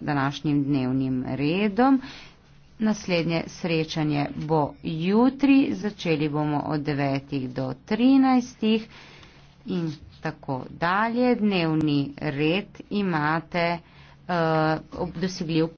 današnjim dnevnim redom. Naslednje srečanje bo jutri, začeli bomo od 9. do 13. in tako dalje. Dnevni red imate uh, dosegljiv.